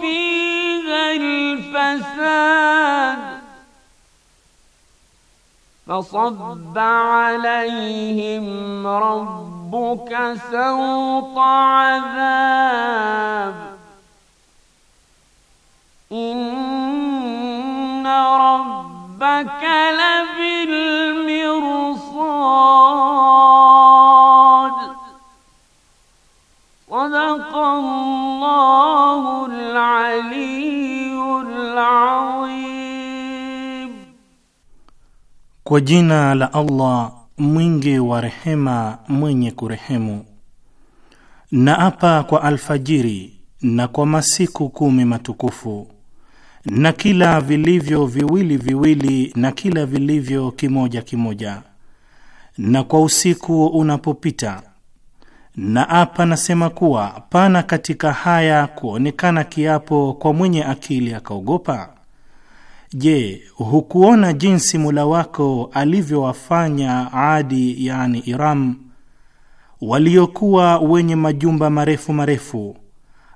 فيها الفساد فصب عليهم ربك سوط عذاب إن ربك لبالمرصاد Sadaqallahul Aliyyul Adhim. Kwa jina la Allah mwingi wa rehema mwenye kurehemu. Naapa kwa alfajiri na kwa masiku kumi matukufu na kila vilivyo viwili viwili na kila vilivyo kimoja kimoja na kwa usiku unapopita na hapa nasema kuwa pana katika haya kuonekana kiapo kwa mwenye akili akaogopa. Je, hukuona jinsi mula wako alivyowafanya Adi, yani Iram, waliokuwa wenye majumba marefu marefu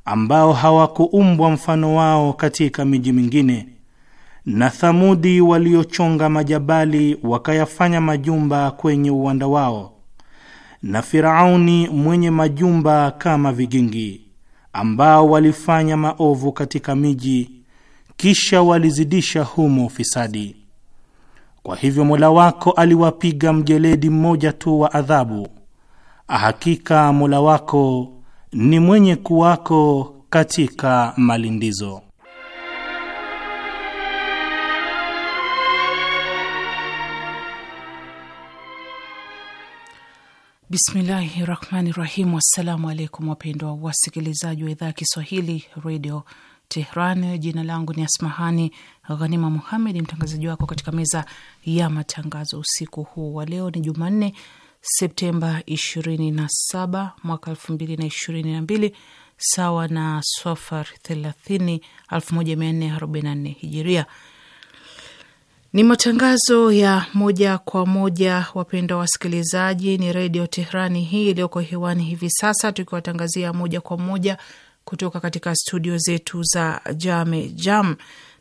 ambao hawakuumbwa mfano wao katika miji mingine, na Thamudi waliochonga majabali wakayafanya majumba kwenye uwanda wao na Firauni mwenye majumba kama vigingi, ambao walifanya maovu katika miji, kisha walizidisha humo ufisadi. Kwa hivyo Mola wako aliwapiga mjeledi mmoja tu wa adhabu. Hakika Mola wako ni mwenye kuwako katika malindizo. Bismillahi rahmani rahim. Assalamu alaikum wapendwa wasikilizaji wa idhaa ya Kiswahili radio Tehran. Jina langu ni Asmahani Ghanima Muhammed, mtangazaji wako katika meza ya matangazo usiku huu wa leo. Ni Jumanne, Septemba 27 mwaka 2022 sawa na Safar 30 1444 hijiria. Ni matangazo ya moja kwa moja, wapendwa wasikilizaji, ni Redio Tehrani hii iliyoko hewani hivi sasa, tukiwatangazia moja kwa moja kutoka katika studio zetu za Jame Jam,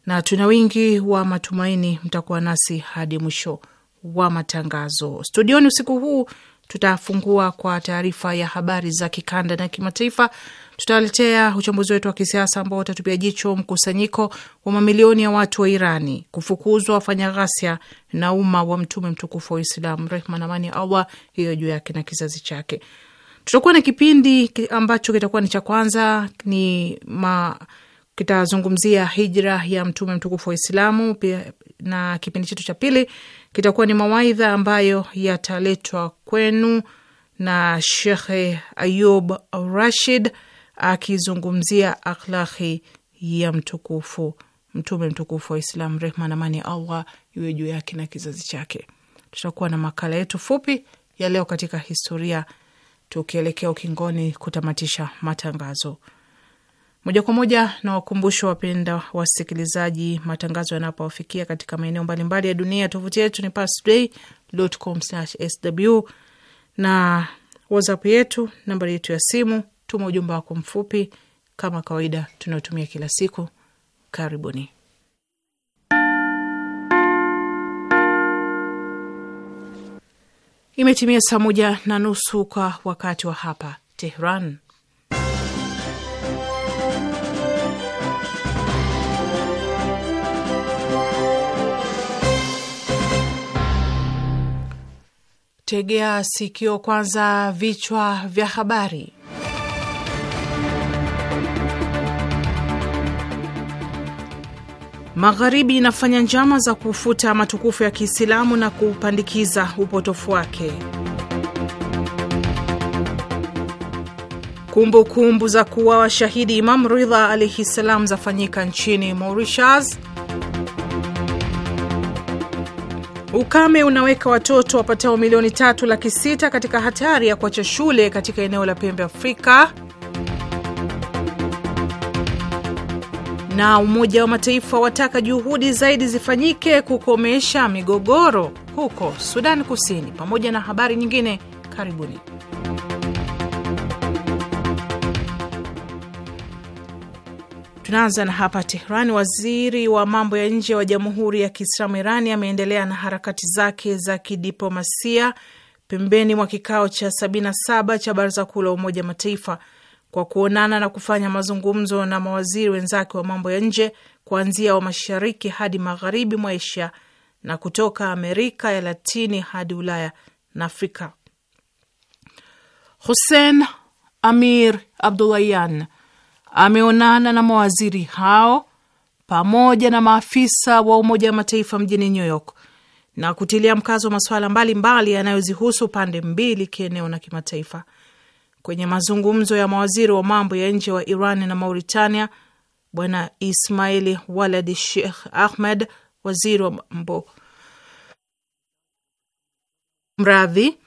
na tuna wingi wa matumaini mtakuwa nasi hadi mwisho wa matangazo. Studioni usiku huu tutafungua kwa taarifa ya habari za kikanda na kimataifa. Tutawaletea uchambuzi wetu wa kisiasa ambao utatupia jicho mkusanyiko wa mamilioni ya watu wa Irani, kufukuzwa wafanya ghasia na umma wa Mtume mtukufu wa Uislamu, rehma na amani awa hiyo juu yake na kizazi chake. Tutakuwa na kipindi ambacho kitakuwa ni cha kwanza ni ma kitazungumzia hijra ya Mtume mtukufu wa Uislamu, na kipindi chetu cha pili kitakuwa ni mawaidha ambayo yataletwa kwenu na Shekhe Ayub Rashid akizungumzia akhlaki ya mtukufu mtume mtukufu wa Islam, rehma na amani Allah iwe juu yake na kizazi chake. Tutakuwa na makala yetu fupi ya leo katika historia, tukielekea ukingoni kutamatisha matangazo moja kwa moja na wakumbusho wapenda wasikilizaji, matangazo yanapowafikia katika maeneo mbalimbali ya dunia. Tovuti yetu ni parstoday.com/sw na WhatsApp yetu, nambari yetu ya simu. Tuma ujumbe wako mfupi kama kawaida tunaotumia kila siku. Karibuni. Imetimia saa moja na nusu kwa wakati wa hapa Tehran Tegea sikio kwanza, vichwa vya habari. Magharibi inafanya njama za kufuta matukufu ya Kiislamu na kupandikiza upotofu wake. Kumbukumbu za kuwawa shahidi Imam Ridha alaihi ssalam zafanyika nchini Mauritius. Ukame unaweka watoto wapatao milioni tatu laki sita katika hatari ya kuacha shule katika eneo la pembe Afrika. Na Umoja wa Mataifa wataka juhudi zaidi zifanyike kukomesha migogoro huko Sudan Kusini, pamoja na habari nyingine. Karibuni. Tunaanza na hapa Tehran. Waziri wa mambo ya nje wa Jamhuri ya Kiislamu Irani ameendelea na harakati zake za kidiplomasia pembeni mwa kikao cha 77 cha Baraza Kuu la Umoja wa Mataifa kwa kuonana na kufanya mazungumzo na mawaziri wenzake wa mambo ya nje kuanzia wa mashariki hadi magharibi mwa Asia na kutoka Amerika ya Latini hadi Ulaya na Afrika. Hussein Amir abdulayan ameonana na mawaziri hao pamoja na maafisa wa Umoja wa Mataifa mjini New York na kutilia mkazo wa masuala mbalimbali yanayozihusu pande mbili kieneo na kimataifa. Kwenye mazungumzo ya mawaziri wa mambo ya nje wa Iran na Mauritania, Bwana Ismaili Walad Sheikh Ahmed, waziri wa mambo mradhi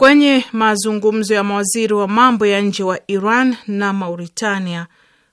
Kwenye mazungumzo ya mawaziri wa mambo ya nje wa Iran na Mauritania,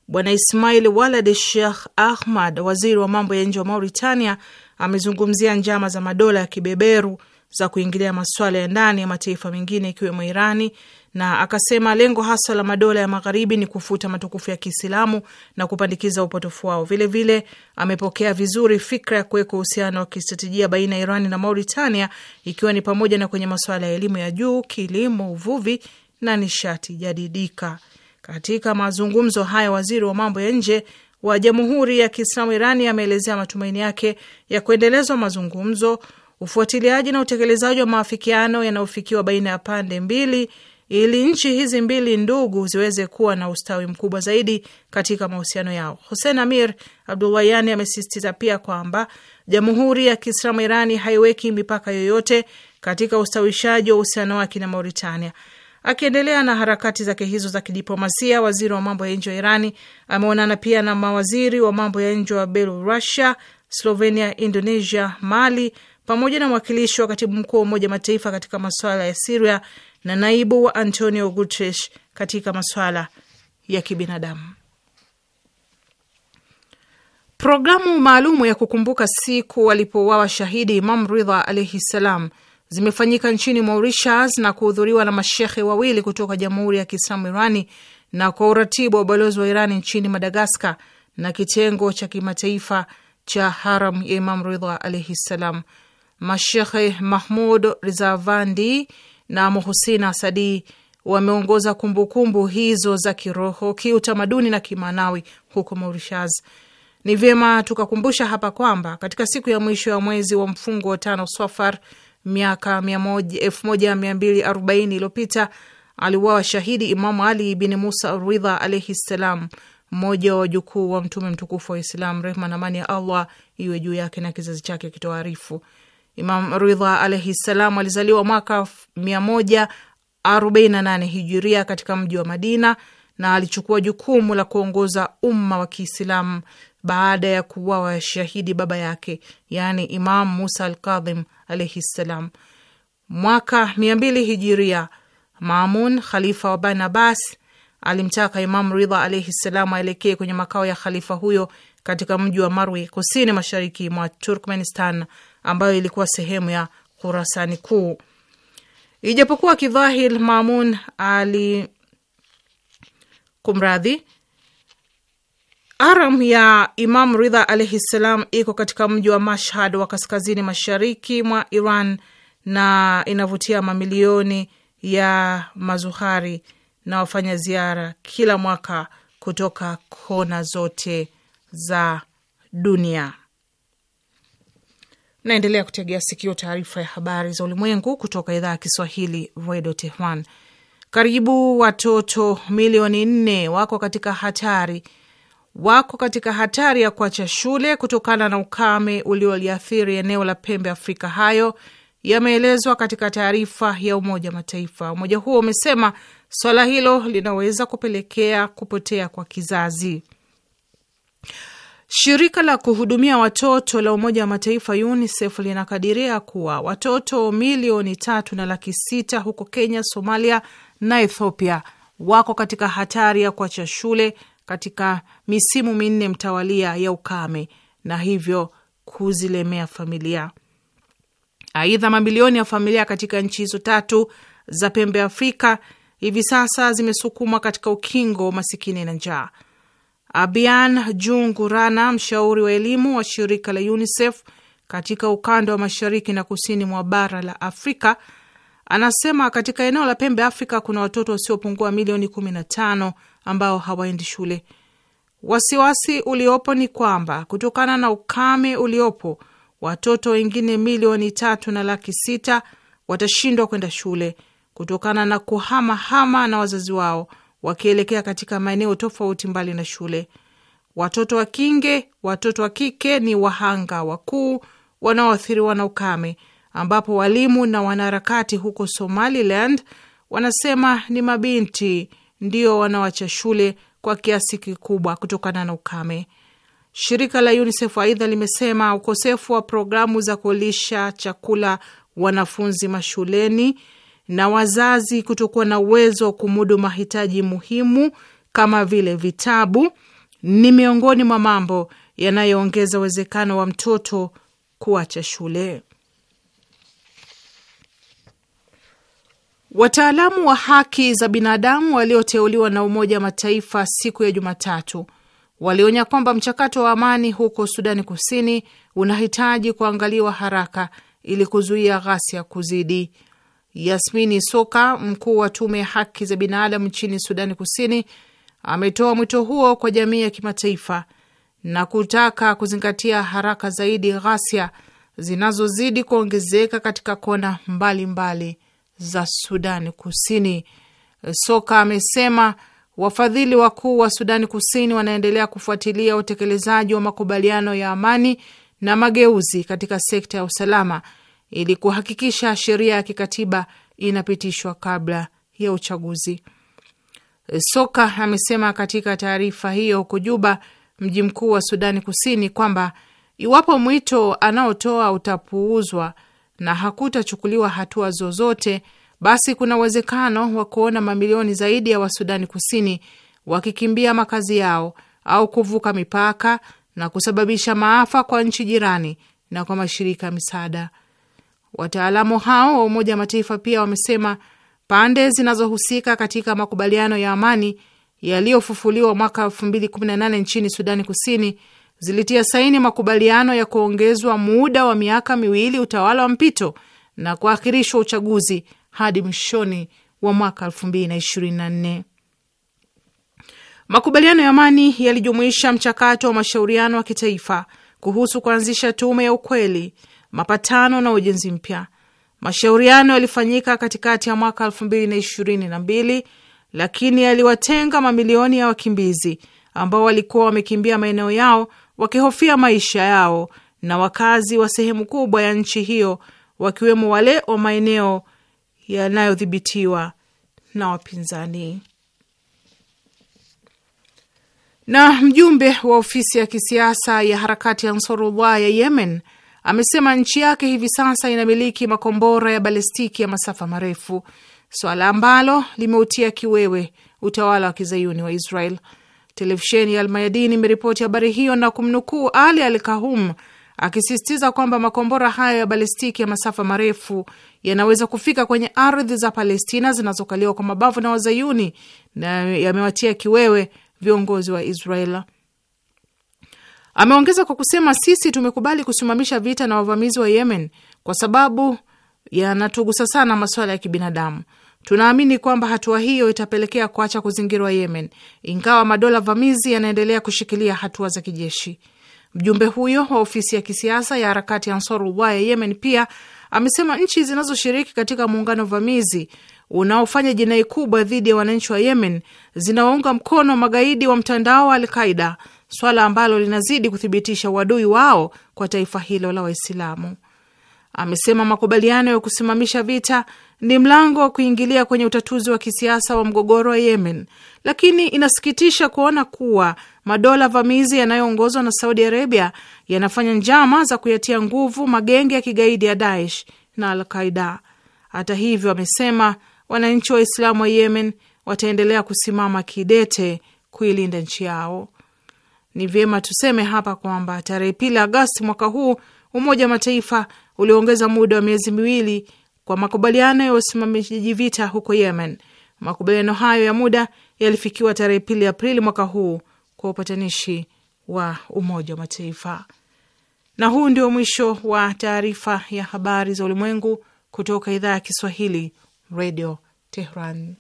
Bwana Ismail Walad Sheikh Ahmad, waziri wa mambo ya nje wa Mauritania, amezungumzia njama za madola ya kibeberu za kuingilia masuala ya ndani ya mataifa mengine ikiwemo Irani, na akasema lengo hasa la madola ya magharibi ni kufuta matukufu ya Kiislamu na kupandikiza upotofu wao. Vilevile amepokea vizuri fikra ya kuweka uhusiano wa kistratejia baina ya Irani na Mauritania, ikiwa ni pamoja na kwenye masuala ya elimu ya juu, kilimo, uvuvi na nishati jadidika. Katika mazungumzo haya, waziri wa mambo ya nje wa Jamhuri ya Kiislamu Irani ameelezea matumaini yake ya kuendelezwa mazungumzo ufuatiliaji na utekelezaji wa maafikiano yanayofikiwa baina ya pande mbili ili nchi hizi mbili ndugu ziweze kuwa na ustawi mkubwa zaidi katika mahusiano yao. Hussein Amir Abdullahiani amesisitiza pia kwamba Jamhuri ya Kiislamu Irani haiweki mipaka yoyote katika ustawishaji wa uhusiano wake na Mauritania. Akiendelea na harakati zake hizo za kidiplomasia, waziri wa mambo ya nje wa Irani ameonana pia na mawaziri wa mambo ya nje wa Belarus, Slovenia, Indonesia, Mali, pamoja na mwakilishi wa katibu mkuu wa Umoja Mataifa katika masuala ya Siria na naibu wa Antonio Guterres katika masuala ya kibinadamu. Programu maalumu ya kukumbuka siku alipouawa shahidi Imam Ridha alaihi ssalam zimefanyika nchini Mauritius na kuhudhuriwa na mashehe wawili kutoka Jamhuri ya Kiislamu Irani na kwa uratibu wa ubalozi wa Irani nchini Madagaskar na kitengo cha kimataifa cha haram ya Imam Ridha alaihi ssalam. Mashekhe Mahmud Rizavandi na Muhusina Sadi wameongoza kumbukumbu hizo za kiroho, kiutamaduni na kimanawi huko Mauritius. Ni vyema tukakumbusha hapa kwamba katika siku ya mwisho ya mwezi wa mfungo wa tano Swafar miaka 1240 iliyopita aliuawa shahidi Imamu Ali bin Musa Ridha alaihi ssalam, mmoja wa wajukuu wa Mtume mtukufu wa Islam, rehma na amani ya Allah iwe juu yake na kizazi chake kitoarifu Imam Ridha alaihi ssalam alizaliwa mwaka 148 hijiria katika mji wa Madina na alichukua jukumu la kuongoza umma wa Kiislamu baada ya kuuawa shahidi baba yake, yaani Imam Musa Alkadhim alaihi ssalam. Mwaka 200 hijiria, Mamun khalifa wa Bani Abbas alimtaka Imam Ridha alaihi ssalam aelekee kwenye makao ya khalifa huyo katika mji wa Marwi, kusini mashariki mwa Turkmenistan ambayo ilikuwa sehemu ya kurasani kuu. Ijapokuwa kidhahir Mamun ali kumradhi aram ya Imam Ridha alaihi ssalam iko katika mji wa Mashhad wa kaskazini mashariki mwa Iran na inavutia mamilioni ya mazuhari na wafanya ziara kila mwaka kutoka kona zote za dunia naendelea kutegea sikio taarifa ya habari za ulimwengu kutoka idhaa ya Kiswahili redio Tehran. Karibu watoto milioni nne wako katika hatari wako katika hatari ya kuacha shule kutokana na ukame ulioliathiri eneo la pembe Afrika. Hayo yameelezwa katika taarifa ya Umoja Mataifa. Umoja huo umesema swala hilo linaweza kupelekea kupotea kwa kizazi. Shirika la kuhudumia watoto la Umoja wa Mataifa UNICEF linakadiria kuwa watoto milioni tatu na laki sita huko Kenya, Somalia na Ethiopia wako katika hatari ya kuacha shule katika misimu minne mtawalia ya ukame na hivyo kuzilemea familia. Aidha, mamilioni ya familia katika nchi hizo tatu za pembe Afrika hivi sasa zimesukumwa katika ukingo, masikini na njaa. Abian rana mshauri wa elimu wa shirika la UNICEF katika ukanda wa mashariki na kusini mwa bara la Afrika, anasema katika eneo la pembe Afrika kuna watoto wasiopungua milioni 15 ambao hawaendi shule. Wasiwasi uliopo ni kwamba kutokana na ukame uliopo watoto wengine milioni tatu na laki sita watashindwa kwenda shule kutokana na kuhamahama na wazazi wao wakielekea katika maeneo tofauti mbali na shule. Watoto wa kinge, watoto wa kike ni wahanga wakuu wanaoathiriwa na ukame, ambapo walimu na wanaharakati huko Somaliland wanasema ni mabinti ndio wanaoacha shule kwa kiasi kikubwa kutokana na ukame. Shirika la UNICEF aidha limesema ukosefu wa programu za kulisha chakula wanafunzi mashuleni na wazazi kutokuwa na uwezo wa kumudu mahitaji muhimu kama vile vitabu ni miongoni mwa mambo yanayoongeza uwezekano wa mtoto kuacha shule. Wataalamu wa haki za binadamu walioteuliwa na Umoja wa Mataifa siku ya Jumatatu walionya kwamba mchakato wa amani huko Sudani Kusini unahitaji kuangaliwa haraka ili kuzuia ghasia kuzidi. Yasmini Soka, mkuu wa tume ya haki za binadamu nchini Sudani Kusini, ametoa mwito huo kwa jamii ya kimataifa na kutaka kuzingatia haraka zaidi ghasia zinazozidi kuongezeka katika kona mbalimbali mbali za Sudani Kusini. Soka amesema wafadhili wakuu wa Sudani Kusini wanaendelea kufuatilia utekelezaji wa makubaliano ya amani na mageuzi katika sekta ya usalama ili kuhakikisha sheria ya kikatiba inapitishwa kabla ya uchaguzi. Soka amesema katika taarifa hiyo huko Juba, mji mkuu wa Sudani Kusini, kwamba iwapo mwito anaotoa utapuuzwa na hakutachukuliwa hatua zozote, basi kuna uwezekano wa kuona mamilioni zaidi ya Wasudani Kusini wakikimbia makazi yao au kuvuka mipaka na kusababisha maafa kwa nchi jirani na kwa mashirika ya misaada. Wataalamu hao wa Umoja wa Mataifa pia wamesema pande zinazohusika katika makubaliano ya amani yaliyofufuliwa mwaka 2018 nchini Sudani Kusini zilitia saini makubaliano ya kuongezwa muda wa miaka miwili utawala wa mpito na kuahirishwa uchaguzi hadi mwishoni wa mwaka 2024. Makubaliano ya amani yalijumuisha mchakato wa mashauriano wa kitaifa kuhusu kuanzisha tume ya ukweli mapatano na ujenzi mpya. Mashauriano yalifanyika katikati ya mwaka elfu mbili na ishirini na mbili lakini yaliwatenga mamilioni ya wakimbizi ambao walikuwa wamekimbia maeneo yao wakihofia maisha yao na wakazi wa sehemu kubwa ya nchi hiyo wakiwemo wale wa maeneo yanayodhibitiwa na wapinzani. Na mjumbe wa ofisi ya kisiasa ya harakati ya Ansarullah ya Yemen amesema nchi yake hivi sasa inamiliki makombora ya balistiki ya masafa marefu, swala ambalo limeutia kiwewe utawala wa kizayuni wa Israel. Televisheni ya Almayadin imeripoti habari hiyo na kumnukuu Ali Al Kahum akisisitiza kwamba makombora hayo ya balistiki ya masafa marefu yanaweza kufika kwenye ardhi za Palestina zinazokaliwa kwa mabavu na Wazayuni, na yamewatia kiwewe viongozi wa Israel. Ameongeza kwa kusema sisi tumekubali kusimamisha vita na wavamizi wa Yemen kwa sababu yanatugusa sana masuala ya kibinadamu. Tunaamini kwamba hatua hiyo itapelekea kuacha kuzingirwa Yemen, ingawa madola vamizi yanaendelea kushikilia hatua za kijeshi. Mjumbe huyo wa ofisi ya kisiasa ya harakati ansor Ansarullah ya Yemen pia amesema nchi zinazoshiriki katika muungano vamizi unaofanya jinai kubwa dhidi ya wananchi wa Yemen zinawaunga mkono magaidi wa mtandao wa Alqaida swala ambalo linazidi kuthibitisha uadui wao kwa taifa hilo la Waislamu. Amesema makubaliano ya kusimamisha vita ni mlango wa kuingilia kwenye utatuzi wa kisiasa wa mgogoro wa Yemen, lakini inasikitisha kuona kuwa madola vamizi yanayoongozwa na Saudi Arabia yanafanya njama za kuyatia nguvu magenge ya kigaidi ya Daesh na Al Qaida. Hata hivyo, amesema wananchi Waislamu wa Yemen wataendelea kusimama kidete kuilinda nchi yao. Ni vyema tuseme hapa kwamba tarehe pili Agosti mwaka huu Umoja wa Mataifa uliongeza muda wa miezi miwili kwa makubaliano ya usimamishaji vita huko Yemen. Makubaliano hayo ya muda yalifikiwa tarehe pili Aprili mwaka huu kwa upatanishi wa Umoja wa Mataifa. Na huu ndio mwisho wa taarifa ya habari za ulimwengu kutoka idhaa ya Kiswahili, Radio Tehran.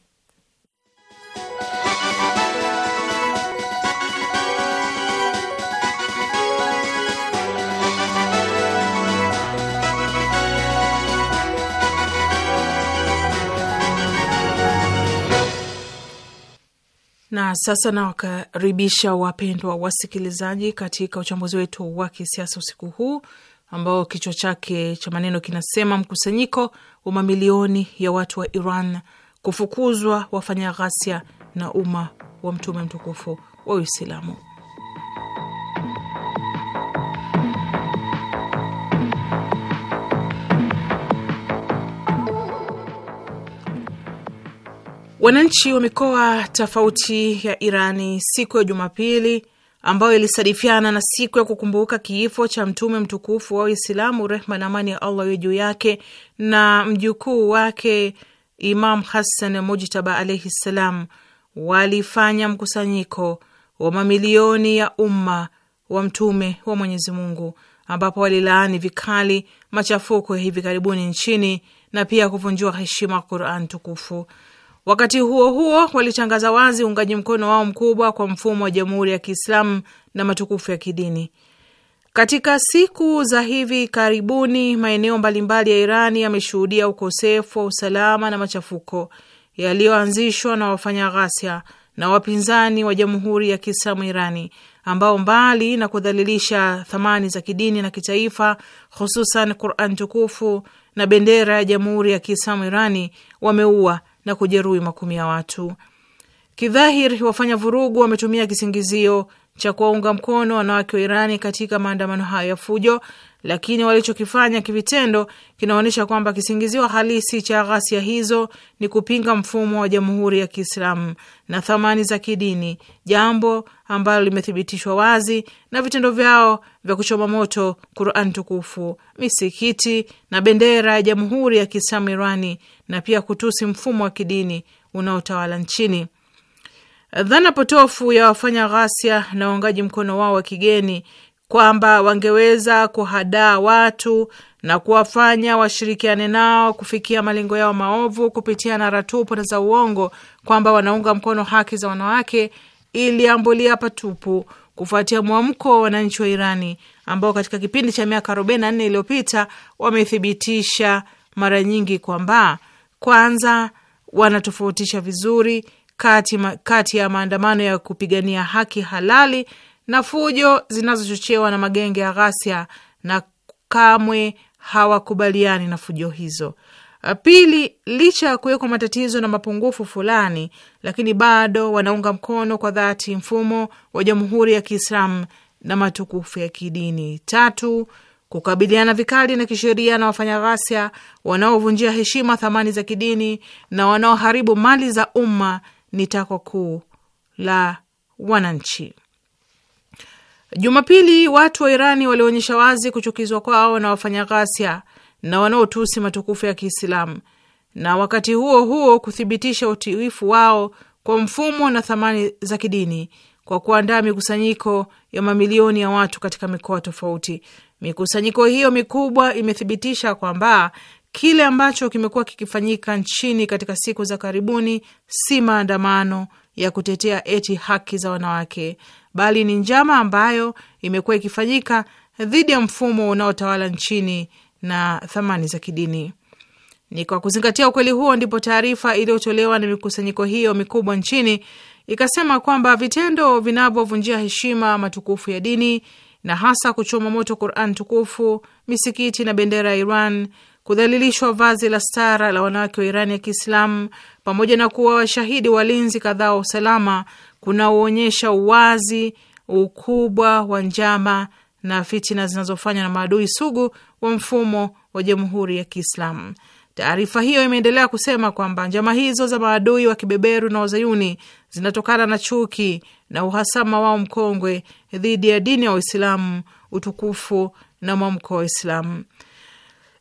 Na sasa nawakaribisha wapendwa wasikilizaji katika uchambuzi wetu wa kisiasa usiku huu ambao kichwa chake cha maneno kinasema mkusanyiko wa mamilioni ya watu wa Iran kufukuzwa wafanya ghasia na umma wa mtume mtukufu wa Uislamu. Wananchi wa mikoa tofauti ya Irani siku ya Jumapili ambayo ilisadifiana na siku ya kukumbuka kifo cha mtume mtukufu wa Uislamu, rehma na amani ya Allah iwe juu yake na mjukuu wake Imam Hassan Mujtaba alaihi ssalam, walifanya mkusanyiko wa mamilioni ya umma wa mtume wa Mwenyezi Mungu, ambapo walilaani vikali machafuko ya hivi karibuni nchini na pia kuvunjiwa heshima Quran tukufu. Wakati huo huo, walitangaza wazi uungaji mkono wao mkubwa kwa mfumo wa jamhuri ya Kiislamu na matukufu ya kidini. Katika siku za hivi karibuni, maeneo mbalimbali ya Irani yameshuhudia ukosefu wa usalama na machafuko yaliyoanzishwa na wafanya ghasia na wapinzani wa jamhuri ya Kiislamu Irani ambao mbali na kudhalilisha thamani za kidini na kitaifa, hususan Quran tukufu na bendera ya jamhuri ya Kiislamu Irani, wameua na kujeruhi makumi ya watu. Kidhahiri, wafanya vurugu wametumia kisingizio cha kuwaunga mkono wanawake wa Irani katika maandamano hayo ya fujo lakini walichokifanya kivitendo kinaonyesha kwamba kisingizio halisi cha ghasia hizo ni kupinga mfumo wa Jamhuri ya Kiislamu na thamani za kidini, jambo ambalo limethibitishwa wazi na vitendo vyao vya kuchoma moto Quran tukufu, misikiti na bendera ya Jamhuri ya Kiislamu Irani, na pia kutusi mfumo wa kidini unaotawala nchini. Dhana potofu ya wafanya ghasia na waungaji mkono wao wa kigeni kwamba wangeweza kuhadaa watu na kuwafanya washirikiane nao kufikia malengo yao maovu kupitia naratupu na za uongo kwamba wanaunga mkono haki za wanawake iliambulia patupu kufuatia mwamko wa wananchi wa Irani ambao katika kipindi cha miaka 44 iliyopita wamethibitisha mara nyingi kwamba kwanza wanatofautisha vizuri kati, kati ya maandamano ya kupigania haki halali na fujo zinazochochewa na magenge ya ghasia na kamwe hawakubaliani na fujo hizo. Uh, pili, licha ya kuwekwa matatizo na mapungufu fulani, lakini bado wanaunga mkono kwa dhati mfumo wa Jamhuri ya Kiislamu na matukufu ya kidini. Tatu, kukabiliana vikali na kisheria na wafanya ghasia wanaovunjia heshima thamani za kidini na wanaoharibu mali za umma ni takwa kuu la wananchi. Jumapili watu wa Irani walionyesha wazi kuchukizwa kwao na wafanya ghasia na wanaotusi matukufu ya Kiislamu na wakati huo huo kuthibitisha utiifu wao kwa mfumo na thamani za kidini kwa kuandaa mikusanyiko ya mamilioni ya watu katika mikoa tofauti. Mikusanyiko hiyo mikubwa imethibitisha kwamba kile ambacho kimekuwa kikifanyika nchini katika siku za karibuni si maandamano ya kutetea eti haki za wanawake, bali ni njama ambayo imekuwa ikifanyika dhidi ya mfumo unaotawala nchini na thamani za kidini. Ni kwa kuzingatia ukweli huo ndipo taarifa iliyotolewa na mikusanyiko hiyo mikubwa nchini ikasema kwamba vitendo vinavyovunjia heshima matukufu ya dini na hasa kuchoma moto Quran tukufu, misikiti na bendera ya Iran, kudhalilishwa vazi la stara la wanawake wa Irani ya Kiislamu, pamoja na kuwa washahidi walinzi kadhaa wa usalama kunaoonyesha uwazi ukubwa wa njama na fitina zinazofanywa na maadui sugu wa mfumo wa Jamhuri ya Kiislamu. Taarifa hiyo imeendelea kusema kwamba njama hizo za maadui wa kibeberu na wazayuni zinatokana na chuki na uhasama wao mkongwe dhidi ya dini ya Waislamu utukufu na mwamko wa Waislamu.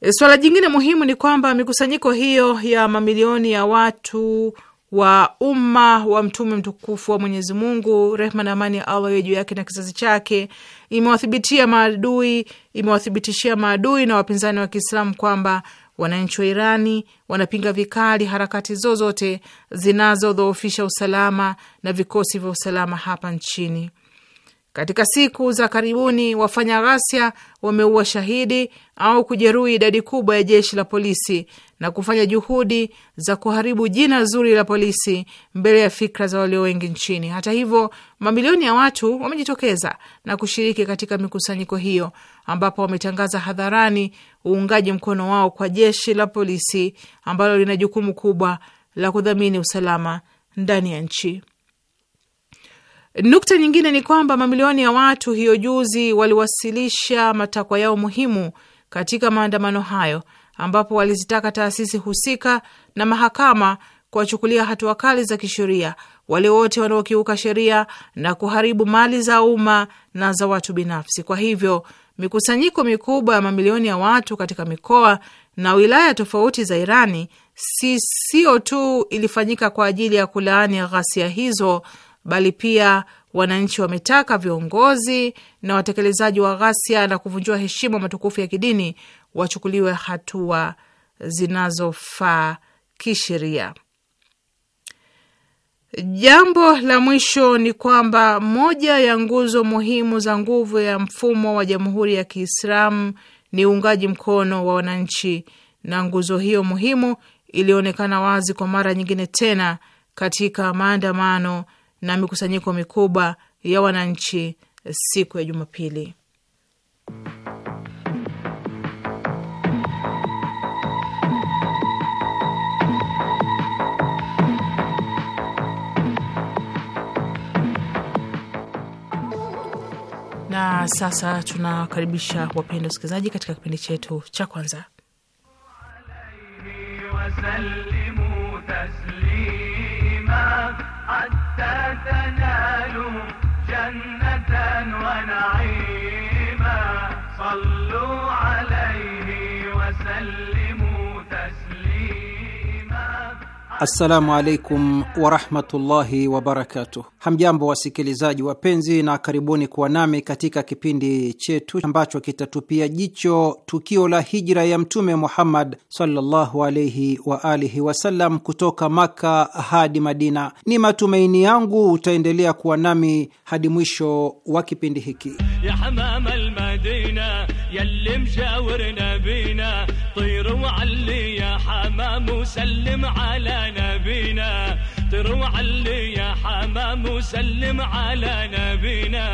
E, Swala jingine muhimu ni kwamba mikusanyiko hiyo ya mamilioni ya watu wa umma wa mtume mtukufu wa Mwenyezi Mungu, rehma na amani ya Allah iwe juu yake na kizazi chake, imewathibitia maadui, imewathibitishia maadui na wapinzani wa Kiislamu kwamba wananchi wa Irani wanapinga vikali harakati zozote zinazodhoofisha usalama na vikosi vya usalama hapa nchini. Katika siku za karibuni wafanya ghasia wameua shahidi au kujeruhi idadi kubwa ya jeshi la polisi na kufanya juhudi za kuharibu jina zuri la polisi mbele ya fikra za walio wengi nchini. Hata hivyo, mamilioni ya watu wamejitokeza na kushiriki katika mikusanyiko hiyo, ambapo wametangaza hadharani uungaji mkono wao kwa jeshi la polisi ambalo lina jukumu kubwa la kudhamini usalama ndani ya nchi. Nukta nyingine ni kwamba mamilioni ya watu hiyo juzi waliwasilisha matakwa yao muhimu katika maandamano hayo, ambapo walizitaka taasisi husika na mahakama kuwachukulia hatua kali za kisheria wale wote wanaokiuka sheria na kuharibu mali za umma na za watu binafsi. Kwa hivyo mikusanyiko mikubwa ya mamilioni ya watu katika mikoa na wilaya tofauti za Irani si sio tu ilifanyika kwa ajili ya kulaani ghasia hizo, bali pia wananchi wametaka viongozi na watekelezaji wa ghasia na kuvunjua heshima matukufu ya kidini wachukuliwe hatua zinazofaa kisheria. Jambo la mwisho ni kwamba moja ya nguzo muhimu za nguvu ya mfumo wa Jamhuri ya Kiislamu ni uungaji mkono wa wananchi, na nguzo hiyo muhimu ilionekana wazi kwa mara nyingine tena katika maandamano na mikusanyiko mikubwa ya wananchi siku ya Jumapili. Na sasa tunawakaribisha wapenda wasikilizaji katika kipindi chetu cha kwanza حتى تنالوا جنة ونعيما صلوا على Assalamu alaikum warahmatullahi wabarakatuh. Hamjambo wasikilizaji wapenzi, na karibuni kuwa nami katika kipindi chetu ambacho kitatupia jicho tukio la hijra ya Mtume Muhammad sallallahu alaihi wa alihi wasallam kutoka Makka hadi Madina. Ni matumaini yangu utaendelea kuwa nami hadi mwisho wa kipindi hiki ya طير وعلي يا حمام وسلم على نبينا طير وعلي يا حمام وسلم على نبينا.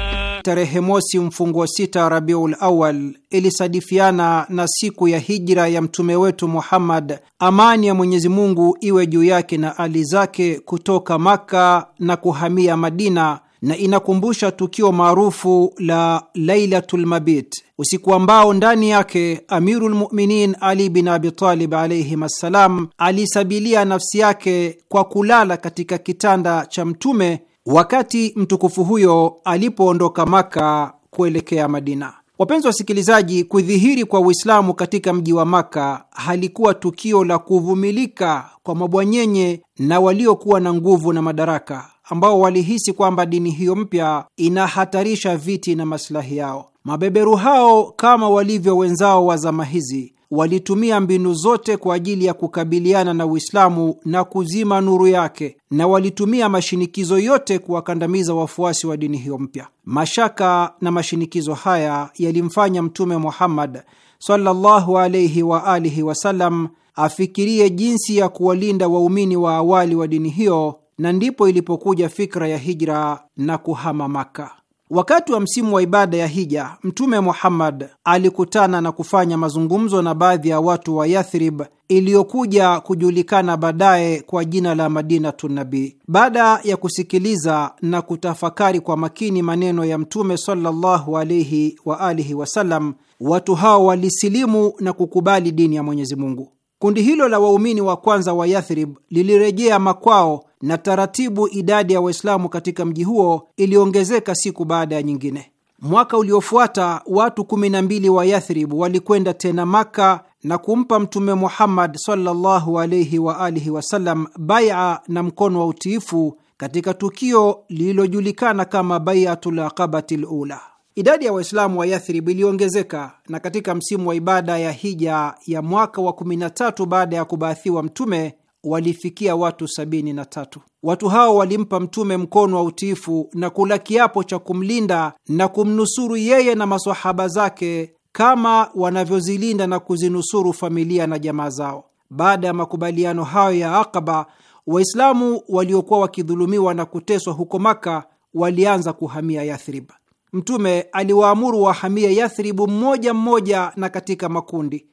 Tarehe mosi mfunguo sita Rabiul Awal ilisadifiana na siku ya hijra ya mtume wetu Muhammad, amani ya Mwenyezi Mungu iwe juu yake na ali zake, kutoka Makka na kuhamia Madina na inakumbusha tukio maarufu la Lailatul Mabit, usiku ambao ndani yake Amirul Muminin Ali bin Abitalib alaihim assalam alisabilia nafsi yake kwa kulala katika kitanda cha Mtume wakati mtukufu huyo alipoondoka Maka kuelekea Madina. Wapenzi wasikilizaji, kudhihiri kwa Uislamu katika mji wa Maka halikuwa tukio la kuvumilika kwa mabwanyenye na waliokuwa na nguvu na madaraka ambao walihisi kwamba dini hiyo mpya inahatarisha viti na masilahi yao. Mabeberu hao kama walivyo wenzao wa zama hizi walitumia mbinu zote kwa ajili ya kukabiliana na Uislamu na kuzima nuru yake, na walitumia mashinikizo yote kuwakandamiza wafuasi wa dini hiyo mpya. Mashaka na mashinikizo haya yalimfanya Mtume Muhammad sallallahu alayhi wa alihi wasallam afikirie jinsi ya kuwalinda waumini wa awali wa dini hiyo na ndipo ilipokuja fikra ya hijra na kuhama Maka. Wakati wa msimu wa ibada ya hija, Mtume Muhammad alikutana na kufanya mazungumzo na baadhi ya watu wa Yathrib iliyokuja kujulikana baadaye kwa jina la Madinatu Nabii. Baada ya kusikiliza na kutafakari kwa makini maneno ya Mtume sallallahu alaihi wa alihi wasallam, watu hao walisilimu na kukubali dini ya Mwenyezi Mungu. Kundi hilo la waumini wa kwanza wa Yathrib lilirejea makwao na taratibu idadi ya Waislamu katika mji huo iliongezeka siku baada ya nyingine. Mwaka uliofuata watu kumi na mbili wa Yathrib walikwenda tena Maka na kumpa Mtume Muhammad sallallahu alaihi wa alihi wasallam baia na mkono wa utiifu katika tukio lililojulikana kama Baiatu Aqabati Lula. Idadi ya Waislamu wa Yathrib iliongezeka na katika msimu wa ibada ya hija ya mwaka wa 13 baada ya kubaathiwa Mtume walifikia watu sabini na tatu. Watu hao walimpa Mtume mkono wa utiifu na kula kiapo cha kumlinda na kumnusuru yeye na masahaba zake kama wanavyozilinda na kuzinusuru familia na jamaa zao. Baada ya makubaliano hayo ya Akaba, Waislamu waliokuwa wakidhulumiwa na kuteswa huko Maka walianza kuhamia Yathrib. Mtume aliwaamuru wahamie Yathribu mmoja mmoja na katika makundi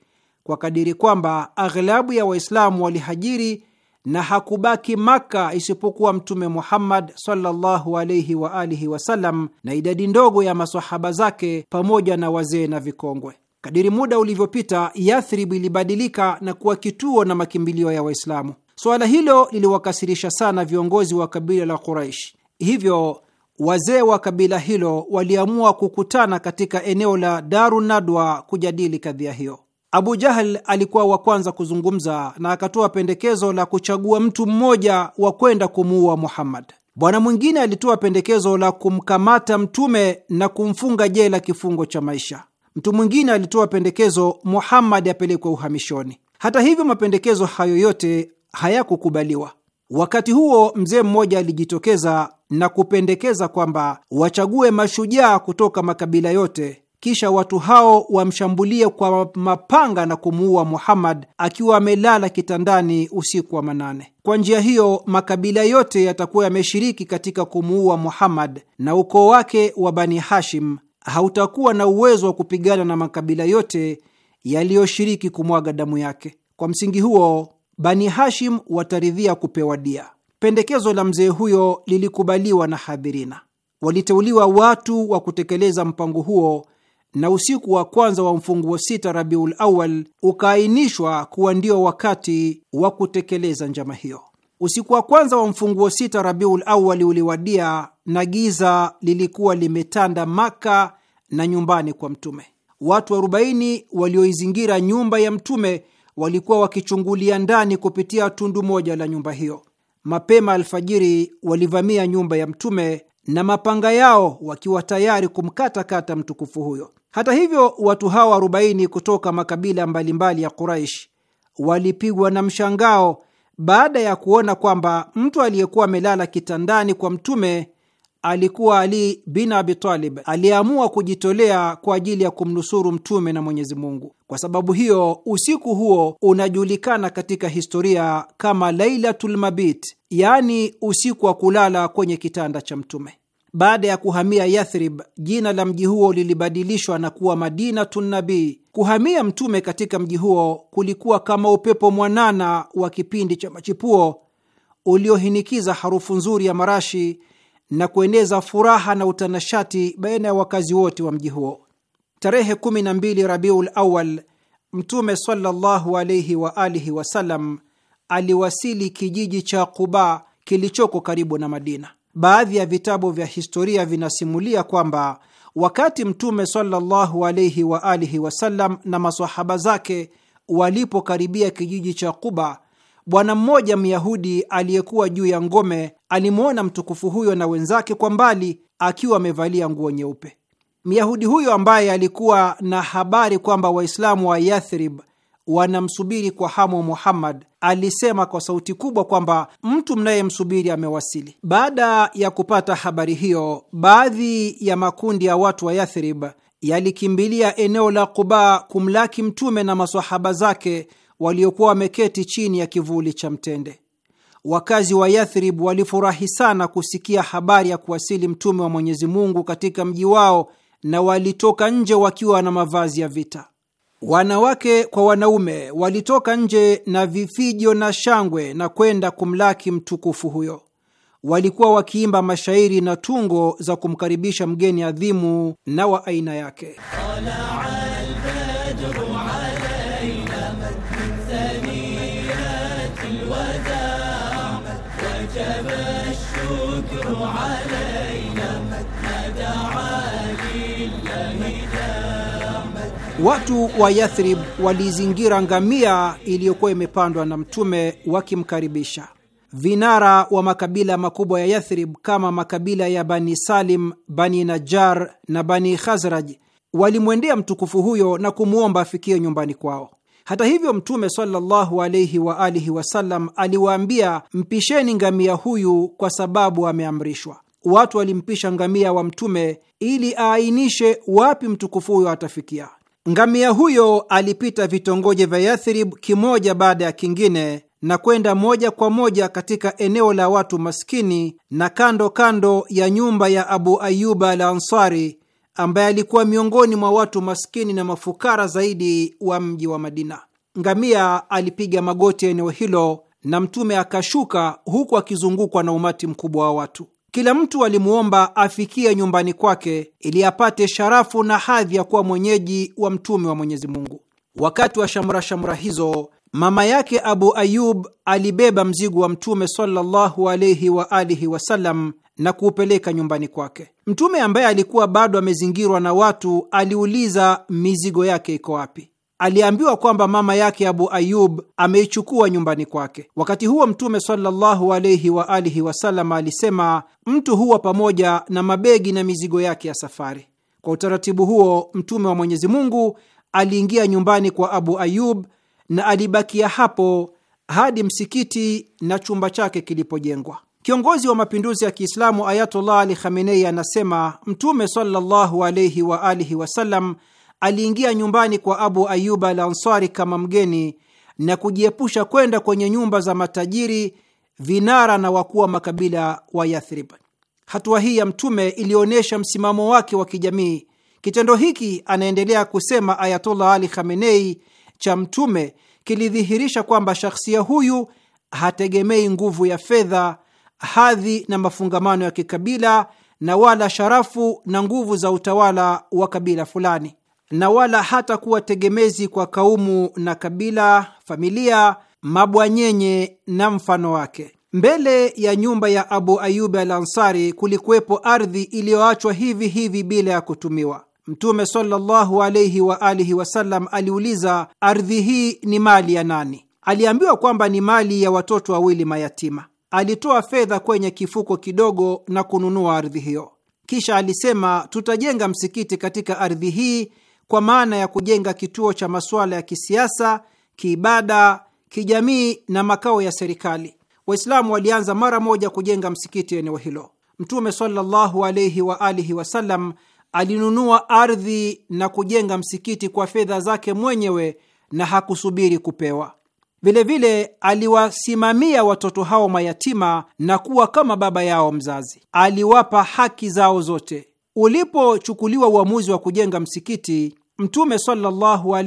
kwa kadiri kwamba aghlabu ya Waislamu walihajiri na hakubaki Makka isipokuwa Mtume Muhammad sallallahu alaihi wa alihi wasallam na idadi ndogo ya masahaba zake pamoja na wazee na vikongwe. Kadiri muda ulivyopita, Yathrib ilibadilika na kuwa kituo na makimbilio ya Waislamu. Suala hilo liliwakasirisha sana viongozi wa kabila la Quraish, hivyo wazee wa kabila hilo waliamua kukutana katika eneo la Darunadwa kujadili kadhia hiyo. Abu Jahal alikuwa wa kwanza kuzungumza na akatoa pendekezo la kuchagua mtu mmoja wa kwenda kumuua Muhammad. Bwana mwingine alitoa pendekezo la kumkamata Mtume na kumfunga jela kifungo cha maisha. Mtu mwingine alitoa pendekezo Muhammad apelekwe uhamishoni. Hata hivyo, mapendekezo hayo yote hayakukubaliwa. Wakati huo mzee mmoja alijitokeza na kupendekeza kwamba wachague mashujaa kutoka makabila yote kisha watu hao wamshambulie kwa mapanga na kumuua Muhammad akiwa amelala kitandani usiku wa manane. Kwa njia hiyo makabila yote yatakuwa yameshiriki katika kumuua Muhammad na ukoo wake wa Bani Hashim hautakuwa na uwezo wa kupigana na makabila yote yaliyoshiriki kumwaga damu yake. Kwa msingi huo, Bani Hashim wataridhia kupewa dia. Pendekezo la mzee huyo lilikubaliwa na hadhirina. Waliteuliwa watu wa kutekeleza mpango huo na usiku wa kwanza wa mfunguo sita Rabiul Awal ukaainishwa kuwa ndio wakati wa kutekeleza njama hiyo. Usiku wa kwanza wa mfunguo sita Rabiul Awali uliwadia na giza lilikuwa limetanda Maka na nyumbani kwa Mtume. Watu arobaini walioizingira nyumba ya Mtume walikuwa wakichungulia ndani kupitia tundu moja la nyumba hiyo. Mapema alfajiri, walivamia nyumba ya Mtume na mapanga yao wakiwa tayari kumkatakata mtukufu huyo. Hata hivyo, watu hawa arobaini kutoka makabila mbalimbali ya Quraish walipigwa na mshangao baada ya kuona kwamba mtu aliyekuwa amelala kitandani kwa Mtume alikuwa Ali bin Abi Talib aliyeamua kujitolea kwa ajili ya kumnusuru mtume na Mwenyezi Mungu. Kwa sababu hiyo, usiku huo unajulikana katika historia kama Lailatul Mabit, yaani usiku wa kulala kwenye kitanda cha mtume. Baada ya kuhamia Yathrib, jina la mji huo lilibadilishwa na kuwa Madinatu Nabii. Kuhamia Mtume katika mji huo kulikuwa kama upepo mwanana wa kipindi cha machipuo uliohinikiza harufu nzuri ya marashi na kueneza furaha na utanashati baina ya wakazi wote wa mji huo. Tarehe 12 Rabiul Awal, Mtume sallallahu wa alihi wasallam aliwasili kijiji cha Quba kilichoko karibu na Madina. Baadhi ya vitabu vya historia vinasimulia kwamba wakati Mtume sallallahu alaihi wa alihi wasallam na masahaba zake walipokaribia kijiji cha Quba, bwana mmoja Myahudi aliyekuwa juu ya ngome alimwona mtukufu huyo na wenzake kwa mbali akiwa amevalia nguo nyeupe. Myahudi huyo ambaye alikuwa na habari kwamba Waislamu wa Yathrib wanamsubiri kwa hamu Muhammad, alisema kwa sauti kubwa kwamba mtu mnayemsubiri amewasili. Baada ya kupata habari hiyo, baadhi ya makundi ya watu wa Yathrib yalikimbilia eneo la Quba kumlaki Mtume na masahaba zake waliokuwa wameketi chini ya kivuli cha mtende. Wakazi wa Yathrib walifurahi sana kusikia habari ya kuwasili Mtume wa Mwenyezi Mungu katika mji wao, na walitoka nje wakiwa na mavazi ya vita. Wanawake kwa wanaume walitoka nje na vifijo na shangwe na kwenda kumlaki mtukufu huyo. Walikuwa wakiimba mashairi na tungo za kumkaribisha mgeni adhimu na wa aina yake Kala. Watu wa Yathrib walizingira ngamia iliyokuwa imepandwa na Mtume wakimkaribisha. Vinara wa makabila makubwa ya Yathrib kama makabila ya Bani Salim, Bani Najjar na Bani Khazraj walimwendea mtukufu huyo na kumwomba afikie nyumbani kwao. Hata hivyo, Mtume sallallahu alaihi wa alihi wasallam aliwaambia, mpisheni ngamia huyu kwa sababu ameamrishwa. Watu walimpisha ngamia wa Mtume ili aainishe wapi mtukufu huyo atafikia. Ngamia huyo alipita vitongoji vya Yathrib kimoja baada ya kingine na kwenda moja kwa moja katika eneo la watu maskini na kando kando ya nyumba ya Abu Ayuba al Ansari ambaye alikuwa miongoni mwa watu maskini na mafukara zaidi wa mji wa Madina. Ngamia alipiga magoti ya eneo hilo na Mtume akashuka huku akizungukwa na umati mkubwa wa watu. Kila mtu alimwomba afikie nyumbani kwake ili apate sharafu na hadhi ya kuwa mwenyeji wa mtume wa Mwenyezi Mungu. Wakati wa shamra shamra hizo, mama yake Abu Ayub alibeba mzigo wa mtume sallallahu alayhi wa alihi wasallam na kuupeleka nyumbani kwake. Mtume ambaye alikuwa bado amezingirwa na watu aliuliza mizigo yake iko wapi aliambiwa kwamba mama yake Abu Ayub ameichukua nyumbani kwake. Wakati huo Mtume sallallahu alaihi wa alihi wasallam alisema, mtu huwa pamoja na mabegi na mizigo yake ya safari. Kwa utaratibu huo, Mtume wa Mwenyezi Mungu aliingia nyumbani kwa Abu Ayub na alibakia hapo hadi msikiti na chumba chake kilipojengwa. Kiongozi wa mapinduzi ya Kiislamu Ayatullah Ali Khamenei anasema Mtume sallallahu alaihi wa alihi wasallam aliingia nyumbani kwa Abu Ayub al Ansari kama mgeni na kujiepusha kwenda kwenye nyumba za matajiri, vinara na wakuu wa makabila wa Yathrib. Hatua hii ya Mtume ilionyesha msimamo wake wa kijamii. Kitendo hiki, anaendelea kusema Ayatollah Ali Khamenei, cha Mtume kilidhihirisha kwamba shakhsia huyu hategemei nguvu ya fedha, hadhi na mafungamano ya kikabila, na wala sharafu na nguvu za utawala wa kabila fulani na wala hata kuwa tegemezi kwa kaumu na kabila, familia, mabwanyenye na mfano wake. Mbele ya nyumba ya Abu Ayubi al Ansari kulikuwepo ardhi iliyoachwa hivi hivi bila ya kutumiwa. Mtume sallallahu wa alihi wasallam aliuliza, ardhi hii ni mali ya nani? Aliambiwa kwamba ni mali ya watoto wawili mayatima. Alitoa fedha kwenye kifuko kidogo na kununua ardhi hiyo, kisha alisema, tutajenga msikiti katika ardhi hii kwa maana ya kujenga kituo cha masuala ya kisiasa, kiibada, kijamii na makao ya serikali. Waislamu walianza mara moja kujenga msikiti eneo hilo. Mtume sallallahu alaihi wa alihi wasallam alinunua ardhi na kujenga msikiti kwa fedha zake mwenyewe na hakusubiri kupewa. Vilevile aliwasimamia watoto hao mayatima na kuwa kama baba yao mzazi, aliwapa haki zao zote. Ulipochukuliwa uamuzi wa kujenga msikiti, Mtume sallallahu wa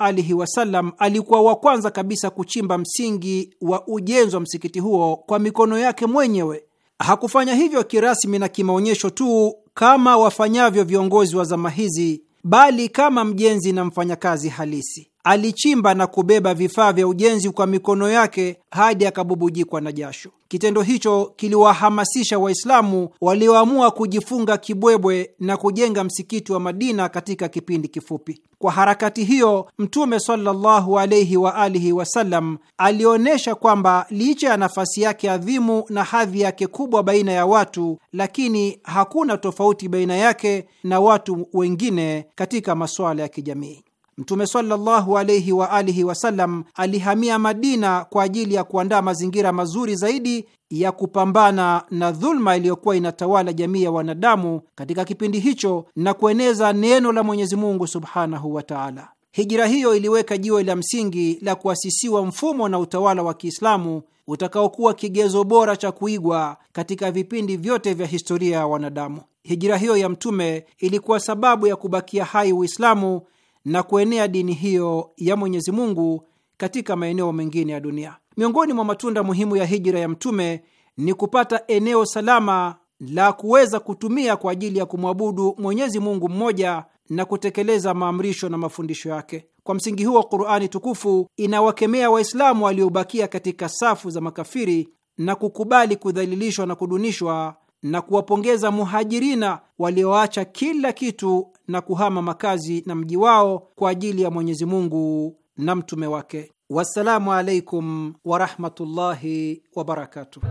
alihi wasallam alikuwa wa kwanza kabisa kuchimba msingi wa ujenzi wa msikiti huo kwa mikono yake mwenyewe. Hakufanya hivyo kirasmi na kimaonyesho tu kama wafanyavyo viongozi wa zama hizi, bali kama mjenzi na mfanyakazi halisi alichimba na kubeba vifaa vya ujenzi kwa mikono yake hadi akabubujikwa na jasho. Kitendo hicho kiliwahamasisha Waislamu walioamua kujifunga kibwebwe na kujenga msikiti wa Madina katika kipindi kifupi. Kwa harakati hiyo, Mtume sallallahu alaihi wa alihi wasallam alionyesha kwamba licha ya nafasi yake adhimu na hadhi yake kubwa baina ya watu, lakini hakuna tofauti baina yake na watu wengine katika masuala ya kijamii. Mtume sallallahu wa alihi wasallam alihamia Madina kwa ajili ya kuandaa mazingira mazuri zaidi ya kupambana na dhulma iliyokuwa inatawala jamii ya wanadamu katika kipindi hicho na kueneza neno la Mwenyezi Mungu subhanahu wa taala. Hijira hiyo iliweka jiwe la msingi la kuasisiwa mfumo na utawala wa Kiislamu utakaokuwa kigezo bora cha kuigwa katika vipindi vyote vya historia ya wanadamu. Hijira hiyo ya Mtume ilikuwa sababu ya kubakia hai Uislamu na kuenea dini hiyo ya Mwenyezi Mungu katika maeneo mengine ya dunia. Miongoni mwa matunda muhimu ya hijira ya Mtume ni kupata eneo salama la kuweza kutumia kwa ajili ya kumwabudu Mwenyezi Mungu mmoja na kutekeleza maamrisho na mafundisho yake. Kwa msingi huo, qurani tukufu inawakemea Waislamu waliobakia katika safu za makafiri na kukubali kudhalilishwa na kudunishwa na kuwapongeza Muhajirina walioacha kila kitu na kuhama makazi na mji wao kwa ajili ya Mwenyezi Mungu na mtume wake. Wassalamu alaikum warahmatullahi wabarakatuh.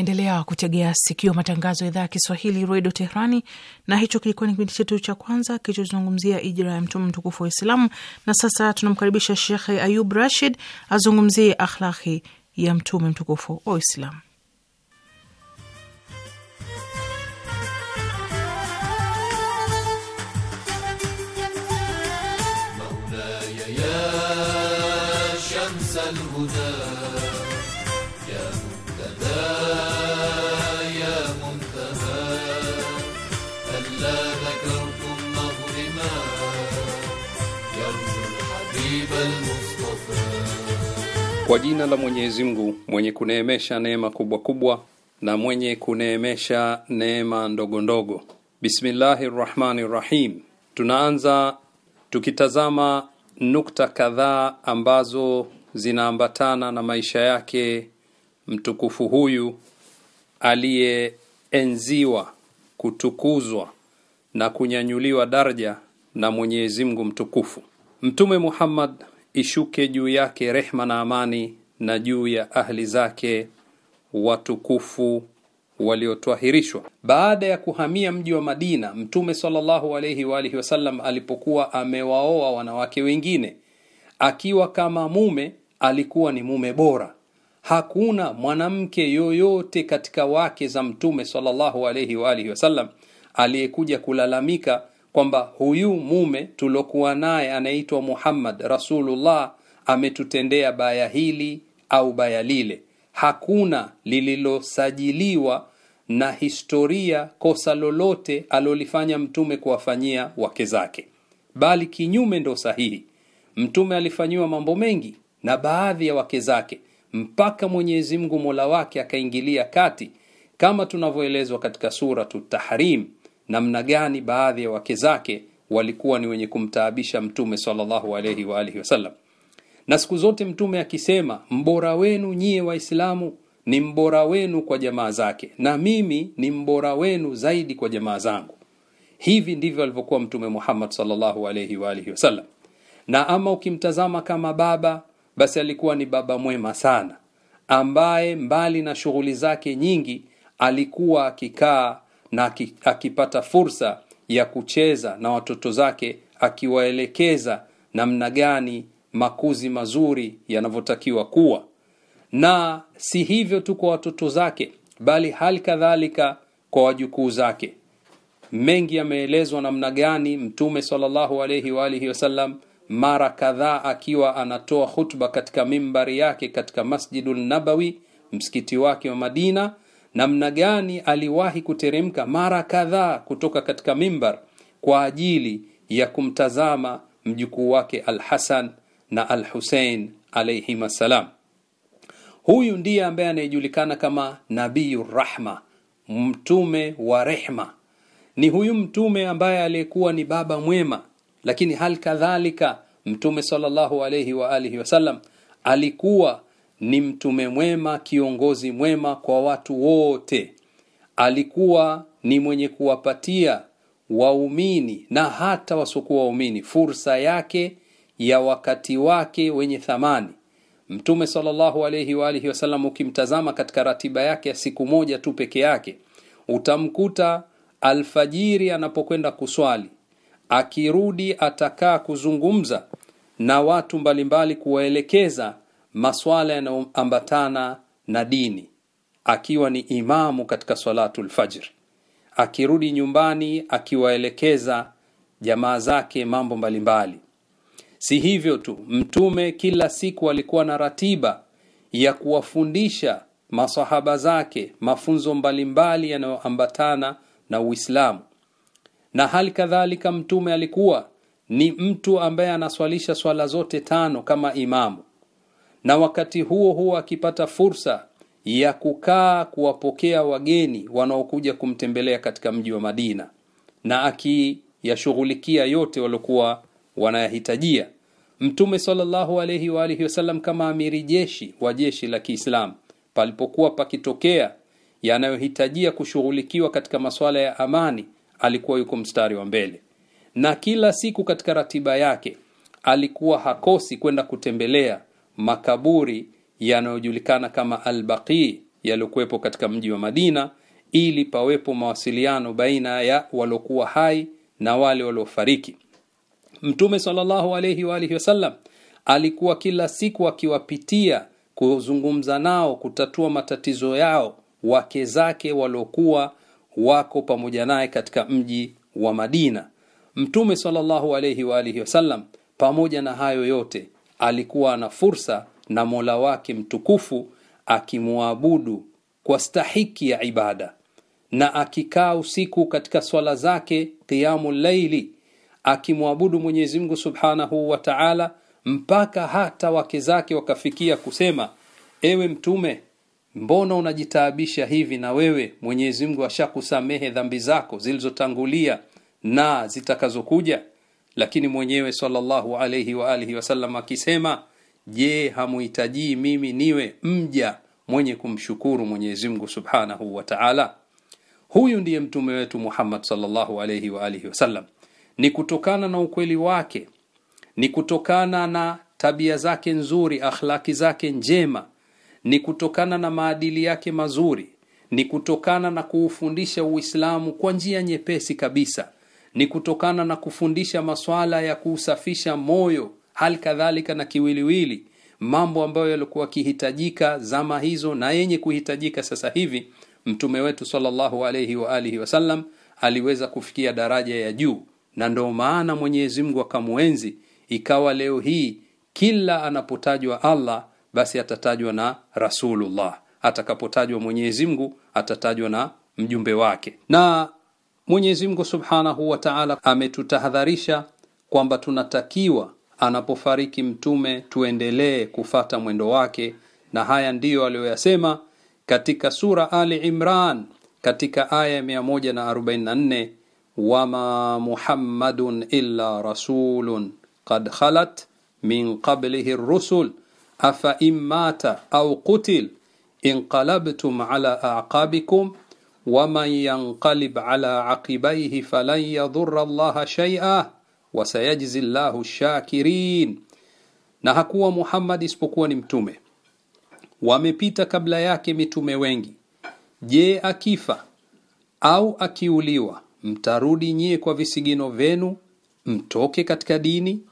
Mnaendelea kutegea sikio matangazo ya idhaa ya Kiswahili redio Teherani, na hicho kilikuwa ni kipindi chetu cha kwanza kilichozungumzia ijra ya mtume mtukufu wa Uislamu. Na sasa tunamkaribisha Shekhe Ayub Rashid azungumzie akhlaki ya mtume mtukufu wa Uislamu. Kwa jina la Mwenyezi Mungu mwenye kuneemesha neema kubwa kubwa na mwenye kuneemesha neema ndogo ndogo. Bismillahi rahmani Rahim. Tunaanza tukitazama nukta kadhaa ambazo zinaambatana na maisha yake mtukufu huyu aliyeenziwa, kutukuzwa na kunyanyuliwa daraja na Mwenyezi Mungu mtukufu. Mtume Muhammad ishuke juu yake rehma na amani na juu ya ahli zake watukufu waliotwahirishwa. Baada ya kuhamia mji wa Madina, Mtume sallallahu alayhi wa alihi wasallam alipokuwa amewaoa wanawake wengine, akiwa kama mume, alikuwa ni mume bora. Hakuna mwanamke yoyote katika wake za Mtume sallallahu alayhi wa alihi wasallam aliyekuja kulalamika kwamba huyu mume tulokuwa naye anaitwa Muhammad Rasulullah ametutendea baya hili au baya lile. Hakuna lililosajiliwa na historia kosa lolote alolifanya mtume kuwafanyia wake zake, bali kinyume ndo sahihi. Mtume alifanyiwa mambo mengi na baadhi ya wake zake, mpaka Mwenyezi Mungu mola wake akaingilia kati, kama tunavyoelezwa katika Suratu Tahrim namna gani baadhi ya wake zake walikuwa ni wenye kumtaabisha Mtume sallallahu alayhi wa alihi wasallam. Na siku zote Mtume akisema mbora wenu nyie Waislamu ni mbora wenu kwa jamaa zake, na mimi ni mbora wenu zaidi kwa jamaa zangu. Hivi ndivyo alivyokuwa Mtume Muhammad sallallahu alayhi wa alihi wasallam. Na ama ukimtazama kama baba, basi alikuwa ni baba mwema sana, ambaye mbali na shughuli zake nyingi alikuwa akikaa na akipata fursa ya kucheza na watoto zake akiwaelekeza namna gani makuzi mazuri yanavyotakiwa kuwa na si hivyo tu kwa watoto zake bali hali kadhalika kwa wajukuu zake mengi yameelezwa namna gani mtume salllahu alaihi waalihi wasallam mara kadhaa akiwa anatoa khutba katika mimbari yake katika masjidu nabawi msikiti wake wa madina namna gani aliwahi kuteremka mara kadhaa kutoka katika mimbar kwa ajili ya kumtazama mjukuu wake alhasan na Al-Husein alayhim assalam. Huyu ndiye ambaye anayejulikana kama Nabiyu Rahma, mtume wa rehma. Ni huyu mtume ambaye aliyekuwa ni baba mwema, lakini hal kadhalika mtume sallallahu alayhi wa alihi wasallam alikuwa ni mtume mwema, kiongozi mwema kwa watu wote. Alikuwa ni mwenye kuwapatia waumini na hata wasiokuwa waumini fursa yake ya wakati wake wenye thamani. Mtume sallallahu alayhi wa alihi wasallam, ukimtazama katika ratiba yake ya siku moja tu peke yake, utamkuta alfajiri anapokwenda kuswali, akirudi atakaa kuzungumza na watu mbalimbali, kuwaelekeza maswala yanayoambatana na dini, akiwa ni imamu katika salatu lfajri, akirudi nyumbani akiwaelekeza jamaa zake mambo mbalimbali. Si hivyo tu, Mtume kila siku alikuwa na ratiba ya kuwafundisha masahaba zake mafunzo mbalimbali yanayoambatana na Uislamu, na hali kadhalika Mtume alikuwa ni mtu ambaye anaswalisha swala zote tano kama imamu na wakati huo huo akipata fursa ya kukaa kuwapokea wageni wanaokuja kumtembelea katika mji wa Madina na akiyashughulikia yote waliokuwa wanayahitajia. Mtume sallallahu alayhi wa alihi wasallam kama amiri jeshi wa jeshi la Kiislamu, palipokuwa pakitokea yanayohitajia kushughulikiwa katika masuala ya amani, alikuwa yuko mstari wa mbele, na kila siku katika ratiba yake alikuwa hakosi kwenda kutembelea makaburi yanayojulikana kama Albaqi yaliyokuwepo katika mji wa Madina ili pawepo mawasiliano baina ya waliokuwa hai na wale waliofariki. Mtume sallallahu alayhi wa alihi wasallam alikuwa kila siku akiwapitia, kuzungumza nao, kutatua matatizo yao, wake zake waliokuwa wako pamoja naye katika mji wa Madina. Mtume sallallahu alayhi wa alihi wasallam, pamoja na hayo yote alikuwa ana fursa na mola wake mtukufu akimwabudu kwa stahiki ya ibada na akikaa usiku katika swala zake qiamu laili akimwabudu mwenyezimngu subhanahu wa taala mpaka hata wake zake wakafikia kusema ewe mtume mbona unajitaabisha hivi na wewe mwenyezimngu ashakusamehe dhambi zako zilizotangulia na zitakazokuja lakini mwenyewe sallallahu alayhi wa alihi wasallam akisema je hamuhitajii mimi niwe mja mwenye kumshukuru Mwenyezi Mungu subhanahu wa ta'ala huyu ndiye mtume wetu Muhammad sallallahu alayhi wa alihi wasallam ni kutokana na ukweli wake ni kutokana na tabia zake nzuri akhlaki zake njema ni kutokana na maadili yake mazuri ni kutokana na kuufundisha Uislamu kwa njia nyepesi kabisa ni kutokana na kufundisha masuala ya kuusafisha moyo, hali kadhalika na kiwiliwili, mambo ambayo yalikuwa akihitajika zama hizo na yenye kuhitajika sasa hivi. Mtume wetu sallallahu alayhi wa alihi wasallam aliweza kufikia daraja ya juu, na ndo maana Mwenyezi Mungu akamwenzi, ikawa leo hii kila anapotajwa Allah basi atatajwa na Rasulullah, atakapotajwa Mwenyezi Mungu atatajwa na mjumbe wake na Mwenyezi Mungu Subhanahu wa Ta'ala ametutahadharisha kwamba tunatakiwa anapofariki mtume tuendelee kufata mwendo wake, na haya ndiyo aliyoyasema katika sura Ali Imran katika aya 144, wama Muhammadun illa rasulun qad khalat min qablihi rusul afa in mata au qutil inqalabtum ala aqabikum waman yanqalib ala aqibaihi falan yadhurra Allaha shay'a wa llahu shakirin. Na hakuwa Muhammad isipokuwa ni mtume, wamepita kabla yake mitume wengi. Je, akifa au akiuliwa, mtarudi nyie kwa visigino vyenu mtoke katika dini?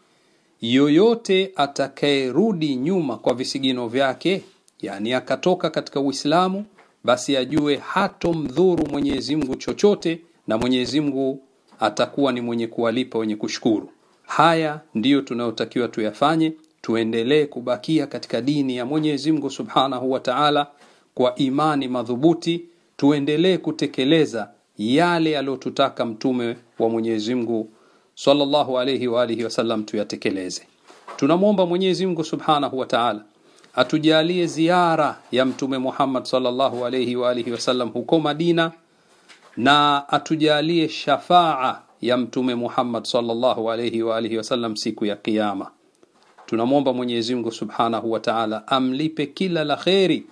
Yoyote atakayerudi nyuma kwa visigino vyake, yani akatoka katika Uislamu basi ajue hatomdhuru Mwenyezi Mungu chochote, na Mwenyezi Mungu atakuwa ni mwenye kuwalipa wenye kushukuru. Haya ndiyo tunayotakiwa tuyafanye, tuendelee kubakia katika dini ya Mwenyezi Mungu Subhanahu wa Ta'ala kwa imani madhubuti, tuendelee kutekeleza yale aliyotutaka mtume wa Mwenyezi Mungu sallallahu alayhi wa alihi wasallam tuyatekeleze. Tunamwomba Mwenyezi Mungu Subhanahu wa Ta'ala atujalie ziara ya Mtume Muhammad sallallahu alayhi wa alihi wasallam huko Madina, na atujalie shafaa ya Mtume Muhammad sallallahu alayhi wa alihi wasallam siku ya Kiyama. Tunamwomba Mwenyezi Mungu subhanahu wa taala amlipe kila la kheri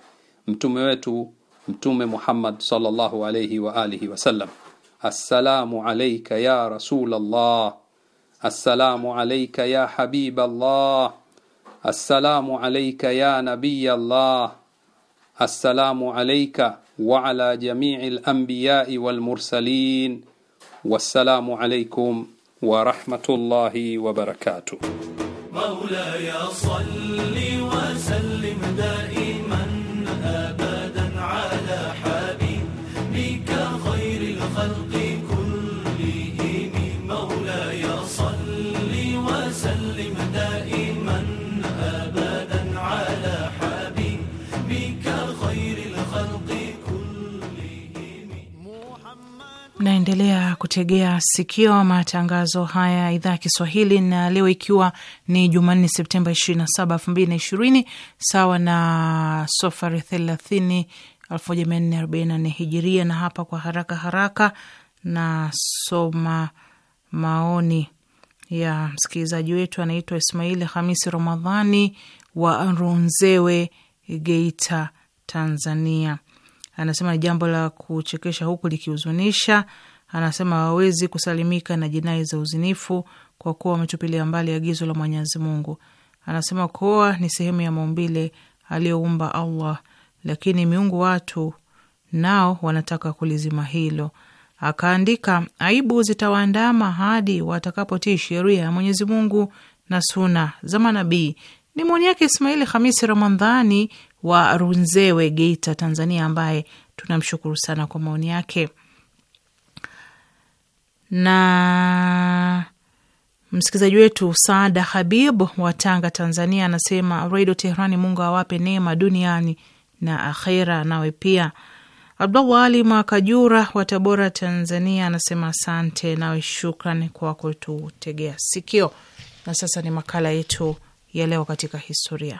mtume wetu Mtume Muhammad sallallahu alayhi wa alihi wasallam. Assalamu alayka ya Rasulullah, assalamu alayka ya Habib Habiballah السلام عليك يا نبي الله السلام عليك وعلى جميع الأنبياء والمرسلين والسلام عليكم ورحمة الله وبركاته مولاي صلي Mnaendelea kutegea sikio matangazo haya ya idhaa ya Kiswahili, na leo ikiwa ni Jumanne Septemba 27, 2020 sawa na Sofari 30 1444 hijiria. Na hapa kwa haraka haraka na soma maoni ya msikilizaji wetu anaitwa Ismaili Hamisi Ramadhani wa Runzewe, Geita, Tanzania. Anasema ni jambo la kuchekesha huku likihuzunisha. Anasema hawawezi kusalimika na jinai za uzinifu kwa kuwa wametupilia mbali agizo la Mwenyezi Mungu. Anasema kuwa ni sehemu ya maumbile aliyoumba Allah, lakini miungu watu nao wanataka kulizima hilo. Akaandika, aibu zitawaandama hadi watakapotii sheria ya Mwenyezi Mungu na suna za manabii. Ni maoni yake Ismaili Hamisi Ramadhani wa Runzewe, Geita, Tanzania, ambaye tunamshukuru sana kwa maoni yake. Na msikilizaji wetu Saada Habib wa Tanga, Tanzania, anasema Redio Teherani, Mungu awape neema duniani na akhera. Nawe pia Abdullah Ali Mwakajura wa Tabora, Tanzania, anasema asante. Nawe shukran kwa kututegea sikio. Na sasa ni makala yetu ya leo katika historia.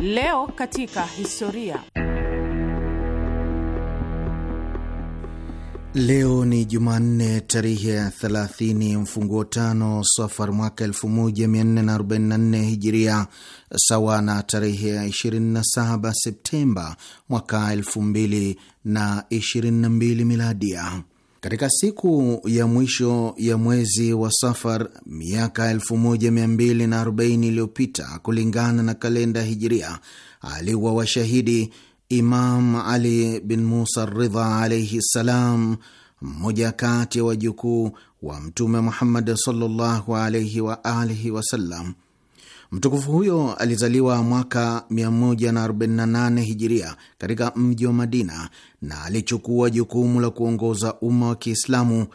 Leo katika historia. Leo ni Jumanne tarehe ya 30 mfunguo tano Safar mwaka 1444 Hijiria, sawa na tarehe ya 27 Septemba mwaka 2022 Miladia. Katika siku ya mwisho ya mwezi wa Safar miaka 1240 iliyopita kulingana na kalenda Hijiria, aliwa washahidi Imam Ali bin Musa Ridha alaihi ssalam, mmoja kati ya wajukuu wa Mtume Muhammad sallallahu alaihi waalihi wasallam. Mtukufu huyo alizaliwa mwaka 148 hijiria katika mji wa Madina na alichukua jukumu la kuongoza umma wa Kiislamu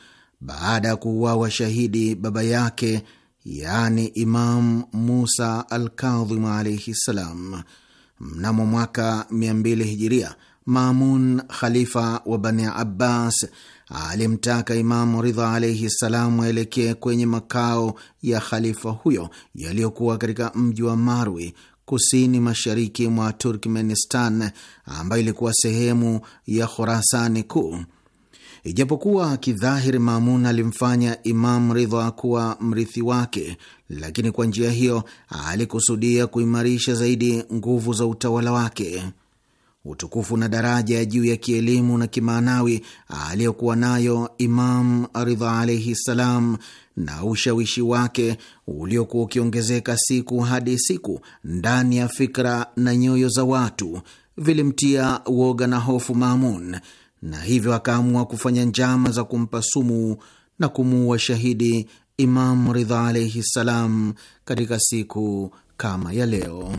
baada ya kuuawa shahidi baba yake, yani Imam Musa Alkadhimu alaihi ssalam. Mnamo mwaka 200 hijiria, Mamun khalifa wa Bani Abbas alimtaka Imamu Ridha alaihi ssalam aelekee kwenye makao ya khalifa huyo yaliyokuwa katika mji wa Marwi kusini mashariki mwa Turkmenistan, ambayo ilikuwa sehemu ya Khorasani kuu. Ijapokuwa kidhahiri Mamun alimfanya Imam Ridha kuwa mrithi wake, lakini kwa njia hiyo alikusudia kuimarisha zaidi nguvu za utawala wake utukufu na daraja ya juu ya kielimu na kimaanawi aliyokuwa nayo Imam Ridha alaihi ssalam na ushawishi wake uliokuwa ukiongezeka siku hadi siku ndani ya fikra na nyoyo za watu vilimtia woga na hofu Mamun, na hivyo akaamua kufanya njama za kumpa sumu na kumuua shahidi Imam Ridha alaihi ssalam katika siku kama ya leo.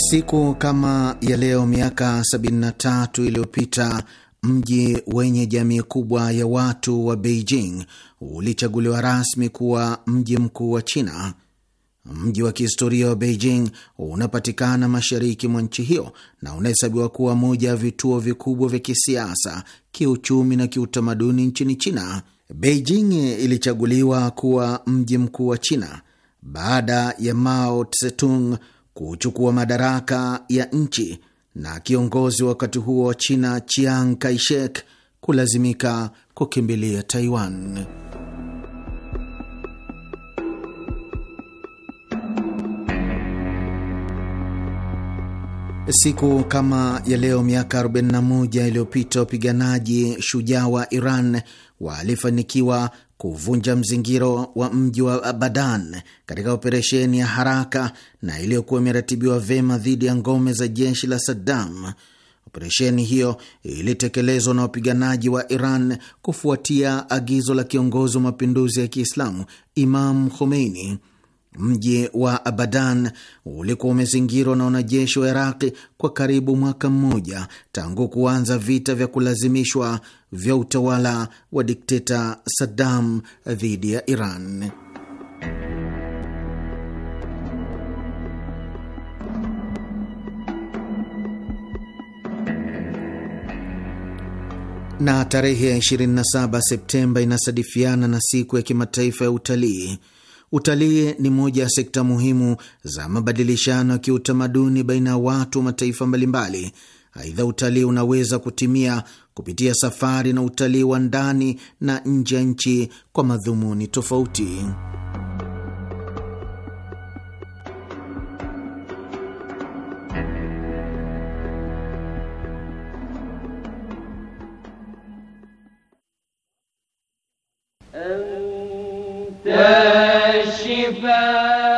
Siku kama ya leo miaka 73 iliyopita mji wenye jamii kubwa ya watu wa Beijing ulichaguliwa rasmi kuwa mji mkuu wa China. Mji wa kihistoria wa Beijing unapatikana mashariki mwa nchi hiyo na unahesabiwa kuwa moja ya vituo vikubwa vya kisiasa, kiuchumi na kiutamaduni nchini China. Beijing ilichaguliwa kuwa mji mkuu wa China baada ya Mao Tsetung kuchukua madaraka ya nchi na kiongozi wakati huo wa China Chiang Kai-shek kulazimika kukimbilia Taiwan. Siku kama ya leo miaka 41 iliyopita wapiganaji shujaa wa Iran walifanikiwa kuvunja mzingiro wa mji wa Badan katika operesheni ya haraka na iliyokuwa imeratibiwa vyema dhidi ya ngome za jeshi la Saddam. Operesheni hiyo ilitekelezwa na wapiganaji wa Iran kufuatia agizo la kiongozi wa mapinduzi ya Kiislamu Imam Khomeini. Mji wa Abadan ulikuwa umezingirwa na wanajeshi wa Iraqi kwa karibu mwaka mmoja tangu kuanza vita vya kulazimishwa vya utawala wa dikteta Saddam dhidi ya Iran. Na tarehe ya 27 Septemba inasadifiana na siku ya kimataifa ya utalii. Utalii ni moja ya sekta muhimu za mabadilishano ya kiutamaduni baina ya watu wa mataifa mbalimbali. Aidha, utalii unaweza kutimia kupitia safari na utalii wa ndani na nje ya nchi kwa madhumuni tofauti. ذا الشفاء